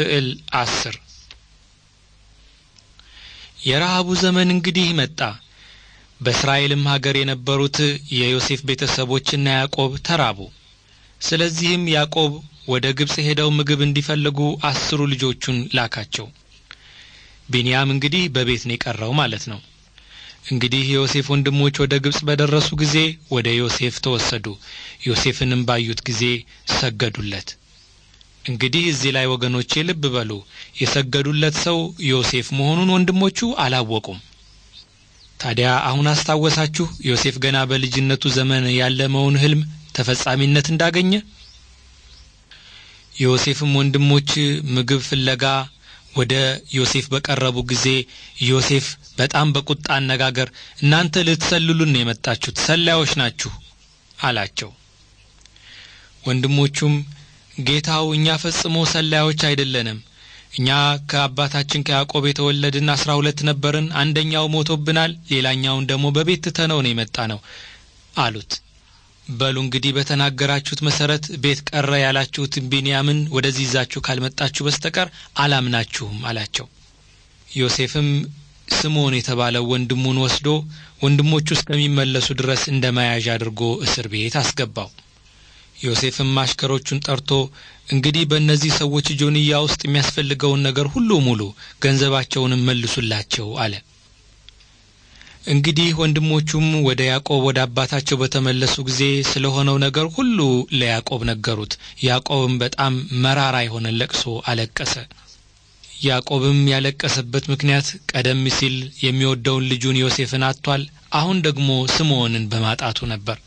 ስዕል አስር የረሃቡ ዘመን እንግዲህ መጣ። በእስራኤልም ሀገር የነበሩት የዮሴፍ ቤተሰቦችና ያዕቆብ ተራቡ። ስለዚህም ያዕቆብ ወደ ግብፅ ሄደው ምግብ እንዲፈልጉ አስሩ ልጆቹን ላካቸው። ቢንያም እንግዲህ በቤት ነው የቀረው ማለት ነው። እንግዲህ የዮሴፍ ወንድሞች ወደ ግብፅ በደረሱ ጊዜ ወደ ዮሴፍ ተወሰዱ። ዮሴፍንም ባዩት ጊዜ ሰገዱለት። እንግዲህ እዚህ ላይ ወገኖቼ ልብ በሉ። የሰገዱለት ሰው ዮሴፍ መሆኑን ወንድሞቹ አላወቁም። ታዲያ አሁን አስታወሳችሁ ዮሴፍ ገና በልጅነቱ ዘመን ያለመውን ህልም ተፈጻሚነት እንዳገኘ። ዮሴፍም ወንድሞች ምግብ ፍለጋ ወደ ዮሴፍ በቀረቡ ጊዜ ዮሴፍ በጣም በቁጣ አነጋገር እናንተ ልትሰልሉን የመጣችሁት፣ ሰላዮች ናችሁ አላቸው። ወንድሞቹም ጌታው እኛ ፈጽሞ ሰላዮች አይደለንም። እኛ ከአባታችን ከያዕቆብ የተወለድን አስራ ሁለት ነበርን። አንደኛው ሞቶብናል፣ ሌላኛውን ደግሞ በቤት ትተነው ነው የመጣ ነው አሉት። በሉ እንግዲህ በተናገራችሁት መሰረት ቤት ቀረ ያላችሁትን ቢንያምን ወደዚህ ይዛችሁ ካልመጣችሁ በስተቀር አላምናችሁም አላቸው። ዮሴፍም ስምዖን የተባለው ወንድሙን ወስዶ ወንድሞቹ እስከሚመለሱ ድረስ እንደ መያዣ አድርጎ እስር ቤት አስገባው። ዮሴፍም አሽከሮቹን ጠርቶ እንግዲህ በእነዚህ ሰዎች ጆንያ ውስጥ የሚያስፈልገውን ነገር ሁሉ ሙሉ፣ ገንዘባቸውንም መልሱላቸው አለ። እንግዲህ ወንድሞቹም ወደ ያዕቆብ ወደ አባታቸው በተመለሱ ጊዜ ስለ ሆነው ነገር ሁሉ ለያዕቆብ ነገሩት። ያዕቆብም በጣም መራራ የሆነ ለቅሶ አለቀሰ። ያዕቆብም ያለቀሰበት ምክንያት ቀደም ሲል የሚወደውን ልጁን ዮሴፍን አጥቷል። አሁን ደግሞ ስምዖንን በማጣቱ ነበር።